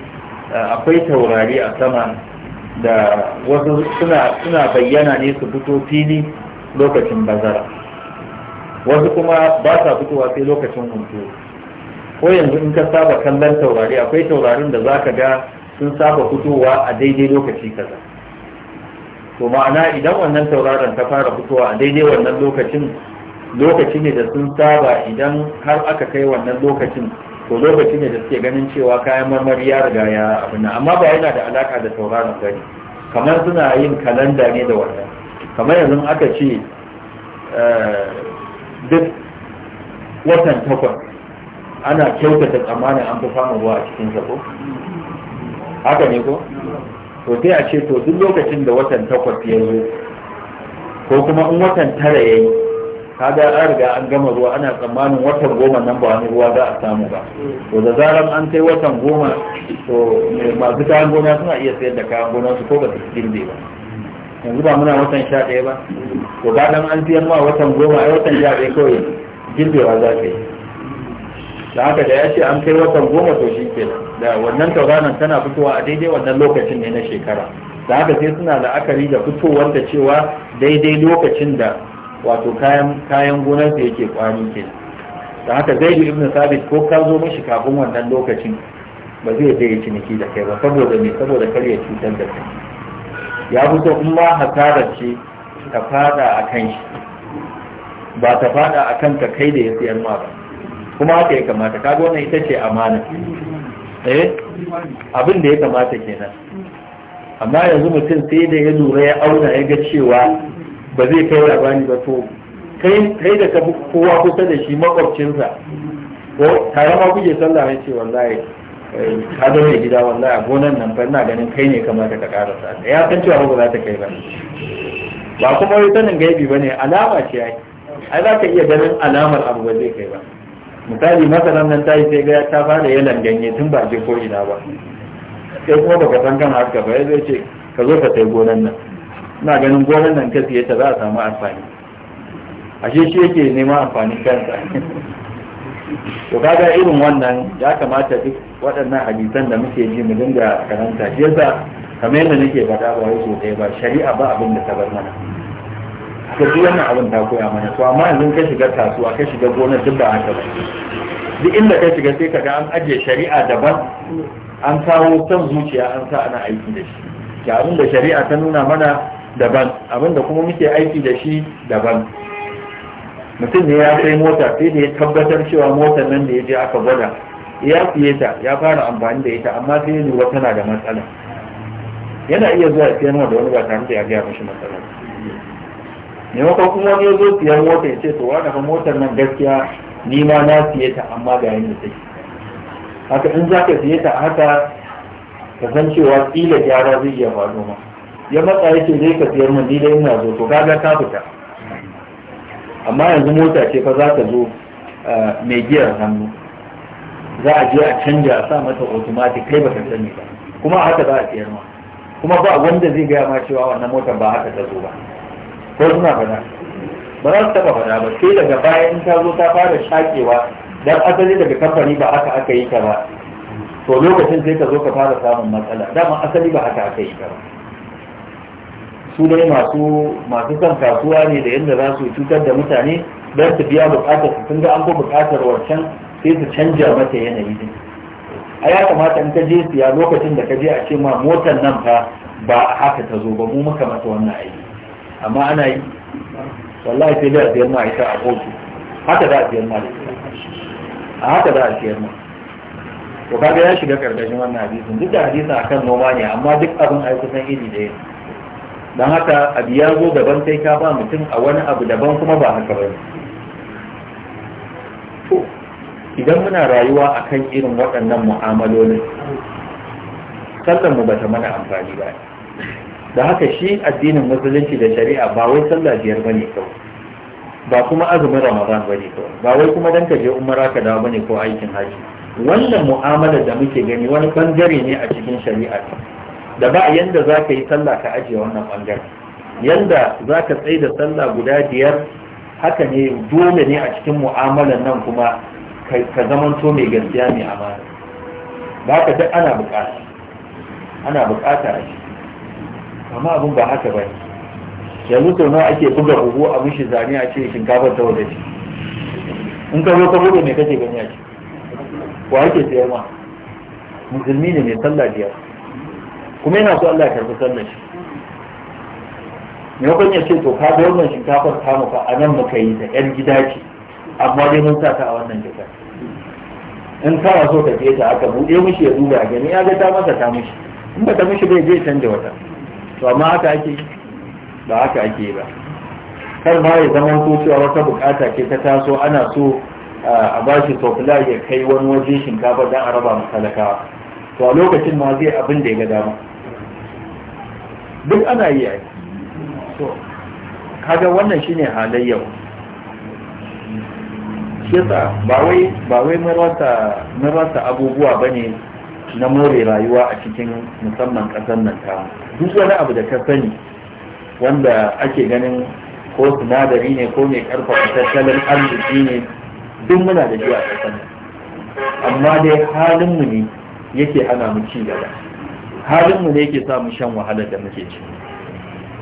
eh, akwai taurari a sama da wasu suna bayyana ne su fito fili lokacin bazara wasu kuma ba sa fitowa sai lokacin hunturu ko yanzu in ka saba kallon taurari akwai taurarin da za ka ga sun saba fitowa a daidai lokaci kaza to ma'ana idan wannan tauraron ta fara fitowa a daidai wannan lokacin lokaci ne da sun saba idan har aka kai wannan lokacin to lokaci ne da suke ganin cewa kayan marmari ya riga ya abin amma ba yana da alaka da sauraron gani kamar suna yin kalanda ne da wannan kamar yanzu aka ce eh, duk watan takwas ana kyautata tsammanin an fi samun ruwa a cikin sako haka ne ko to sai a ce to duk lokacin da watan takwas ya zo ko kuma in watan tara ya yi kaga an riga an gama ruwa ana tsammanin watan goma nan ba wani ruwa za a samu ba to da zaran an kai watan goma to masu kayan gona suna iya sayar da kayan gona su ko ba su girbe ba yanzu ba muna watan sha ɗaya ba to ba dan an siyan ma watan goma ai watan sha ɗaya kawai girbewa za ka yi da haka da ya ce an kai watan goma to shi ke da wannan tauranan tana fitowa a daidai wannan lokacin ne na shekara da haka sai suna la'akari da fitowar da cewa daidai lokacin da wato kayan kayan gonar da yake kwani ke da haka zai ibn sabit ko ka zo mishi kafin wannan lokacin ba zai je ya ciniki da kai ba saboda me saboda kar ya cutar da kai ya fi so in ma hasarar ce ta fada a kan shi ba ta fada a kan ka kai da ya siyar ma ba kuma haka ya kamata ka wannan ita ce amana eh abin da ya kamata kenan amma yanzu mutum sai da ya lura ya auna ya ga cewa ba zai kai labari ba to kai da kowa kusa da shi makwabcinsa ko tare ma kuke sallah ya ce wallahi ka zo mai gida wallahi a gonan nan fa ganin kai ne kamata ka karasa da ya san cewa ba za ta kai ba ba kuma wai sanin gaibi bane alama ce ai ai za ka iya ganin alamar abu ba zai kai ba misali masalan nan tayi sai ga ta fara yalan ganye tun ba je ko ina ba sai kuma baka san kan haka ba zai ce ka zo ka sai gonan nan ina ganin gonar nan ka siye ta za a samu amfani ashe shi yake neman amfanin kansa to kaga irin wannan ya kamata duk waɗannan hadisan da muke ji mu dinga karanta shi yasa kamar yadda nake faɗa ba wai sosai ba shari'a ba abin da ta bar mana ka duk wannan abin ta koya mana to amma yanzu ka shiga kasuwa ka shiga gonar duk ba haka ba duk inda ka shiga sai ka ga an ajiye shari'a daban an kawo son zuciya an sa ana aiki da shi ga abin da shari'a ta nuna mana daban abinda kuma muke aiki da shi daban mutum ne ya sai mota sai da ya tabbatar cewa motar nan da ya je aka gwada ya fiye ta ya fara amfani da ita amma sai ya lura tana da matsala yana iya zuwa siyan da wani ba tare da ya gaya mashi matsala maimakon kuma wani ya zo siyan mota ya ce to wani fa motar nan gaskiya ni ma na fiye ta amma ga yin da take haka in za ka fiye ta haka ka san cewa kila gyara zai iya faɗo ya matsa yake zai ka siyar mun dai ina zo to kaga ka fita amma yanzu mota ce fa za ka zo eh, mai giyar hannu za a je a canja a sa mata automatic kai baka sani ba kuma haka za a siyar ma kuma ba wanda zai gaya ma cewa wannan motar ba haka ta zo ba ko suna faɗa ba za su taɓa faɗa ba sai daga baya in ta zo ta fara shakewa dan asali daga kamfani ba haka aka yi ta ba to lokacin sai ka zo ka fara samun matsala dama asali ba haka aka yi ta ba su dai masu masu son kasuwa ne da yadda za su cutar da mutane don su biya bukatar su sun ga an ko bukatar wancan sai su canja mata yanayi din a ya kamata in ka je siya lokacin da ka je a ce ma motar nan fa ba a haka ta zo ba mu muka mata wannan aiki amma ana yi wallahi sai da siyar ma ita a kotu haka za a siyar ma a haka za a siyar ma to kaga ya shiga karkashin wannan hadisin duk da hadisin akan noma ne amma duk abin aiki kusan iri da yake don haka abu ya zo daban sai ka ba mutum a wani abu daban kuma ba haka ba to idan muna rayuwa a kan irin waɗannan mu'amalolin sallanmu ba ta mana amfani ba da haka shi addinin musulunci da shari'a ba wai sallah biyar ba ne kawai ba kuma azumin ramadan ba ne kawai ba wai kuma dan ka je umara ka dawo ba ne ko aikin haji wannan mu'amalar da muke gani wani bangare ne a cikin shari'a da ba yanda za ka yi sallah ka ajiye wannan bangare yanda za ka tsaye da sallah guda biyar haka ne dole ne a cikin mu'amalar nan kuma ka zamanto mai gaskiya mai amana ba ka duk ana bukata ana bukata a ciki amma abin ba haka ba yanzu to nawa ake buga hugu a mishi zane a ce shinkafar ta wadda ce in ka zo ka buga mai kake gani a ciki wa ake sayar musulmi ne mai sallah biyar kuma yana so Allah ya karbi sannan shi maimakon ya ce to ka ga wannan shinkafar ta mu fa a nan muka yi ta yan gida ce amma dai mun sa ta a wannan gida in kana so ka je ta aka buɗe mishi ya duba a gani ya ga ta masa ta mishi in ba ta mishi bai je canja wata to amma haka ake ba haka ake ba kar ma ya zama ko cewa wata bukata ce ta taso ana so a bashi tofila ya kai wani waje shinkafa don a raba masalakawa to a lokacin ma zai abin da ya ga dama duk ana yi ai so kaga wannan shine halayya shi yasa ba wai ba wai mun rasa abubuwa bane na more rayuwa a cikin musamman kasar nan ta duk wani abu da ka sani wanda ake ganin ko sinadari ne ko mai karfafa tattalin arziki ne duk muna da shi a kasar nan amma dai halin mu ne yake hana mu ci gaba halin mu ne yake samun shan wahalar da muke ci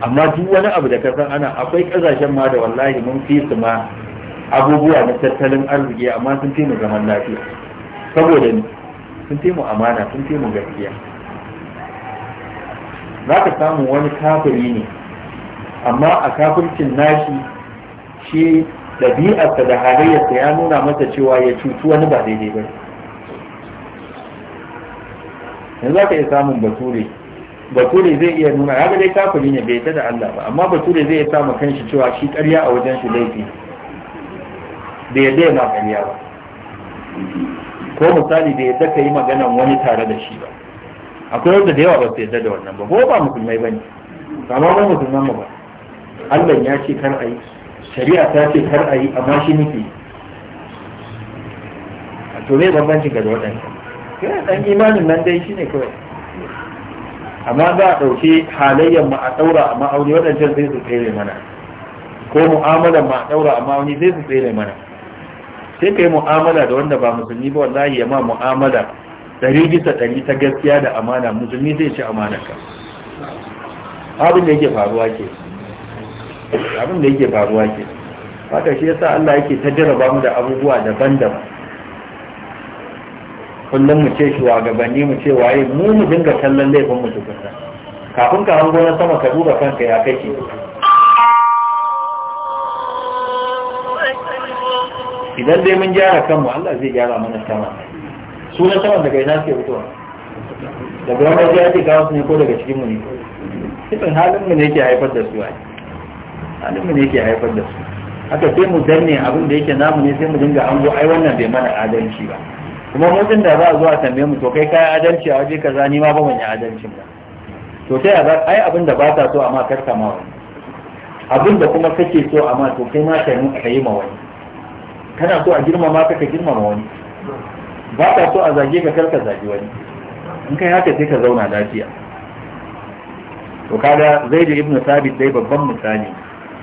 amma duk wani abu da kasan ana akwai kasashen ma da wallahi mun fi su ma abubuwa na tattalin arziki amma sun fi mu zaman lafiya saboda ni sun fi mu amana sun fi mu gaskiya za ka samu wani kafiri ne amma a kafircin nashi shi ɗabi'arsa da halayyarsa ya nuna masa cewa ya cutu wani ba daidai ba yanzu za ka iya samun bature bature zai iya nuna ya ga dai kafiri ne bai ta da Allah ba amma bature zai iya samun kanshi cewa shi ƙarya a wajen shi laifi bai yadda yana karya ba ko misali bai yadda ka yi magana wani tare da shi ba akwai wanda da yawa ba su yadda da wannan ba ko ba musulmai ba ne amma ba musulman ba Allah ya ce kar a yi shari'a ta ce kar a yi amma shi nufi to zai bambanci ga waɗanda dan imanin nan dai shine kawai amma za a ɗauki halayyar ma a ɗaura a ma'auni waɗancan zai su tsere mana ko mu'amalar ma a ɗaura a ma'auni zai su tsere mana sai kai mu'amala da wanda ba musulmi ba wallahi ya ma mu'amala ɗari bisa ɗari ta gaskiya da amana musulmi zai ci amana ka abin da yake faruwa ke abin da yake faruwa ke haka shi yasa Allah yake ta jarraba mu da abubuwa daban-daban kullum mu ce shugabanni mu ce waye mu mu dinga kallon laifin mu tukunna kafin ka hango na sama ka duba kanka ya kake idan dai mun gyara kanmu Allah zai gyara mana sama su na sama daga ina suke fitowa daga wanda ya ce gawa su ne ko daga cikin mu ne cikin halin mu ne yake haifar da su ai halin mu ne yake haifar da su haka sai mu danne abin da yake namu ne sai mu dinga hango ai wannan bai mana adalci ba kuma mutum da za a zuwa tambaye mu to kai kai adalci a waje kaza ni ma ba mun yi adalcin ba to sai ga ai abin da ba ta so amma kar ka ma wani abin da kuma kake so amma to kai ma ka yi ma wani kana so a girmama ka ka girmama wani ba ka so a zage ka kar ka zage wani in kai haka sai ka zauna lafiya to kaga zai ibnu sabit dai babban misali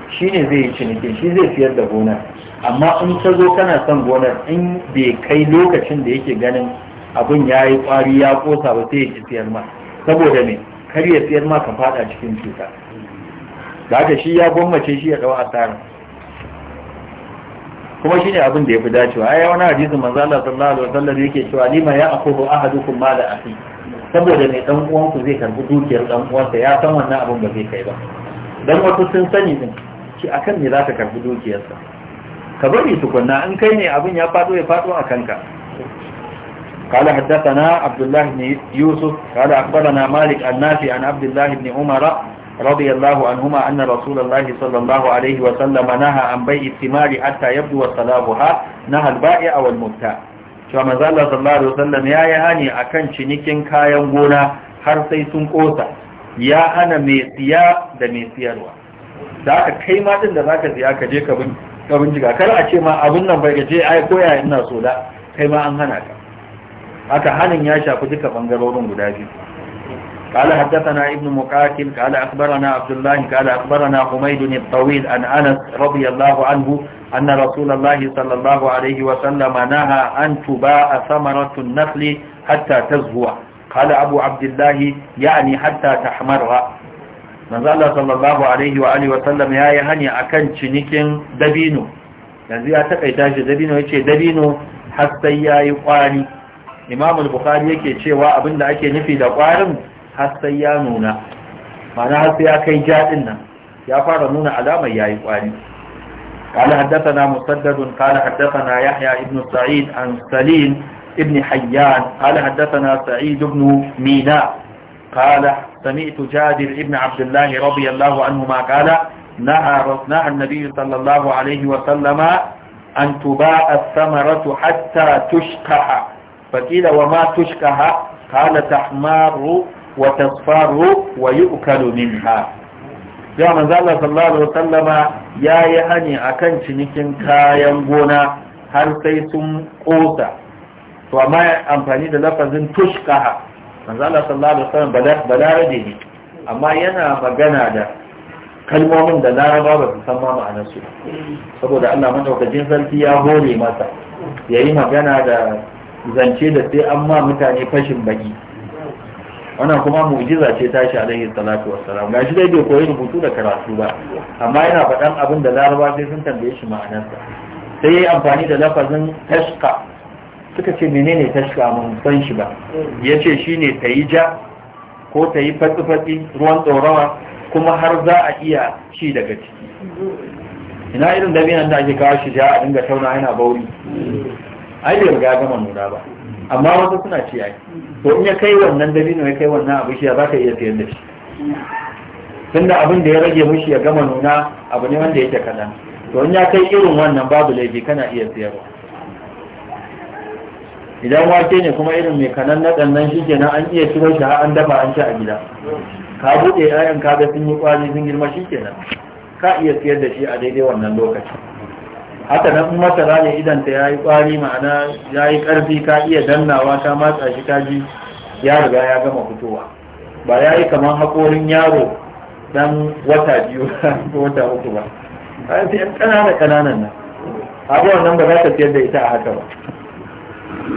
shine zai yi cinikin shi zai fiyar da gona amma in ka zo kana son gonar in bai kai lokacin da yake ganin abin ya yi kwari ya kosa ba sai ya ci siyar ma saboda me kar ya siyar ma ka fada cikin cuta da haka shi ya gwammace shi ya a asara kuma shi ne abin da fi dacewa ai wani hadisi manzo Allah sallallahu alaihi wasallam yake cewa lima ya aqulu ahadukum ma la akhi saboda ne dan uwanku zai karbi dukiyar dan uwansa ya san wannan abin ba zai kai ba dan wasu sun sani din shi akan me za ka karbi dukiyarsa ka bari tukunna an kai ne abin ya fado ya fado a kanka قال حدثنا عبد الله بن يوسف قال أخبرنا مالك النافي عن عبد الله بن عمر رضي الله عنهما أن رسول الله صلى الله عليه وسلم نهى عن بيع الثمار حتى يبدو صلابها نهى البائع والمبتاع كما قال صلى الله عليه وسلم يا يهاني أكن شنكين كاين غونا har sai sun kosa ya hana mai siya da mai siyarwa da aka kai ma din da zaka siya ka je ka bin ka bincika kar a ce ma abin nan bai gaje ai koya ina so da kai ma an hana ka haka hanin ya shafi duka bangarorin guda biyu قال حدثنا ابن مقاتل قال أخبرنا عبد الله قال أخبرنا حميد الطويل عن أنس رضي الله عنه أن رسول الله صلى الله عليه وسلم نهى أن تباع ثمرة النخل حتى تزهو قال أبو عبد الله يعني حتى تحمرها manzo Allah sallallahu alaihi wa alihi wa sallam yayi hani akan cinikin dabino yanzu ya takaita shi dabino yace dabino har sai yayi kwari Imam al-Bukhari yake cewa abinda ake nufi da kwarin har sai ya nuna ma'ana har sai ya kai jadin nan ya fara nuna alamar yayi kwari قال حدثنا مسدد قال حدثنا يحيى ابن سعيد عن سليم ابن حيان قال حدثنا سعيد بن ميناء قال سمعت جابر بن عبد الله رضي الله عنهما قال نهى نهى النبي صلى الله عليه وسلم أن تباع الثمرة حتى تشقح فقيل وما تشقح قال تحمار وتصفر ويؤكل منها ya manzala sallallahu alaihi wasallama ya yi hani akan cinikin kayan gona har sai sun kosa to amma amfani da lafazin tushkaha manzo sallallahu alaihi wasallam balarabe ne amma yana magana da kalmomin da laraba ba su san ma ma'anarsu saboda Allah madaukakin sarki ya hore masa yayi magana da zance da sai an ma mutane fashin baki wannan kuma mu'jiza ce tashi alaihi salatu wassalam shi dai bai koyi rubutu da karatu ba amma yana faɗan abin da laraba sai sun tambaye shi ma'anarsa sai yayi amfani da lafazin tashqa suka ce menene shiga mun san shi ba yace shine ta yi ja ko ta yi fatsi-fatsi ruwan tsorawa kuma har za a iya ci daga ciki ina irin dabinan da ake kawo shi ja a dinga tauna yana bauri ai bai riga gama nuna ba amma wasu suna ci ai to in ya kai wannan dabino ya kai wannan abu shi za ka iya tayar da shi tunda abin da ya rage mushi ya gama nuna abu ne wanda yake kadan to in ya kai irin wannan babu laifi kana iya tayarwa idan wake ne kuma irin mai kanan na ɗannan shi kenan an iya ciro shi har an dafa an ci a gida ka buɗe 'ya'yan ka ga sun yi ƙwari sun girma shi nan, ka iya siyar da shi a daidai wannan lokaci haka nan masara ne idan ta yayi ƙwari ma'ana yayi ƙarfi ka iya dannawa ka matsa shi ka ji ya riga ya gama fitowa ba yayi kamar haƙorin yaro dan wata biyu ko wata uku ba sai ƙanana ƙananan nan abubuwan nan ba za ka siyar da ita a haka ba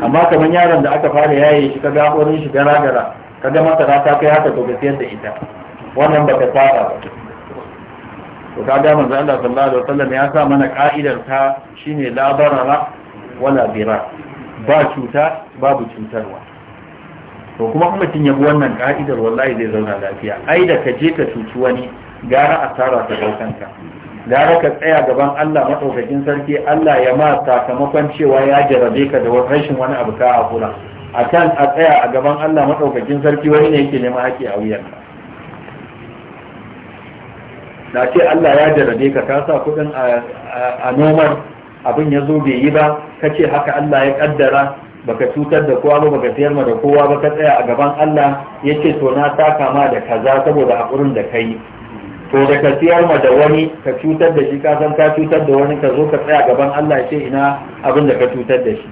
amma kamar yaron da aka fara yaye shi ka ga wurin shi gara gara ka ga masara ta kai haka to ga da ita wannan baka fara ba to kaga manzo Allah sallallahu alaihi wasallam ya sa mana ka'idar ta shine la barara wala bira ba cuta babu cutarwa to kuma kuma mutum ya wannan ka'idar wallahi zai zauna lafiya ai da ka je ka cuci wani gara asara ta ka gara ka tsaya gaban Allah matsaukakin sarki Allah ya ma sakamakon cewa ya jarabe ka da rashin wani abu ka hakura akan a tsaya a gaban Allah matsaukakin sarki wani ne yake neman haƙƙi a wuyan na ce Allah ya jarabe ka ka sa kuɗin a nomar abin ya zo bai yi ba ka ce haka Allah ya kaddara baka cutar da kowa ba baka sayar ma da kowa ba ka tsaya a gaban Allah ya to na taka ma da kaza saboda haƙurin da ka to da ka siyar ma da wani ka cutar da shi ka san ka cutar da wani ka zo ka tsaya gaban Allah ya ce ina abin da ka cutar da shi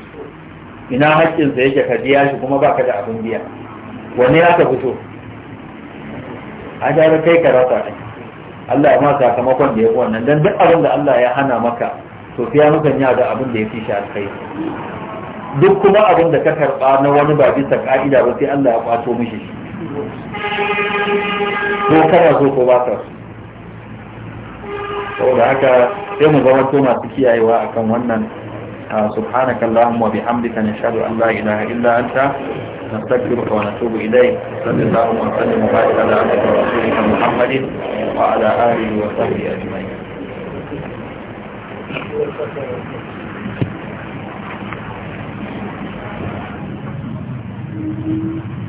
ina haƙƙinsa yake ka biya shi kuma baka da abin biya Wani ya ka fito a gara kai ka rasa ne Allah ya ma sakamakon da ya wannan Don duk abin da Allah ya hana maka to fiya mukan ya da abin da ya fi shi alkhairi duk kuma abin da ka karɓa na wani ba bisa ka'ida ba sai Allah ya kwato mishi shi ko kana zo ko ba ka so saboda haka sai mu zama to masu kiyayewa akan wannan subhanaka allahumma bihamdika nashhadu an la ilaha illa anta wa ilayk نستغفرك ونتوب إليك صلى ala وسلم wa على muhammadin wa ala alihi wa sahbihi ajma'in Thank you.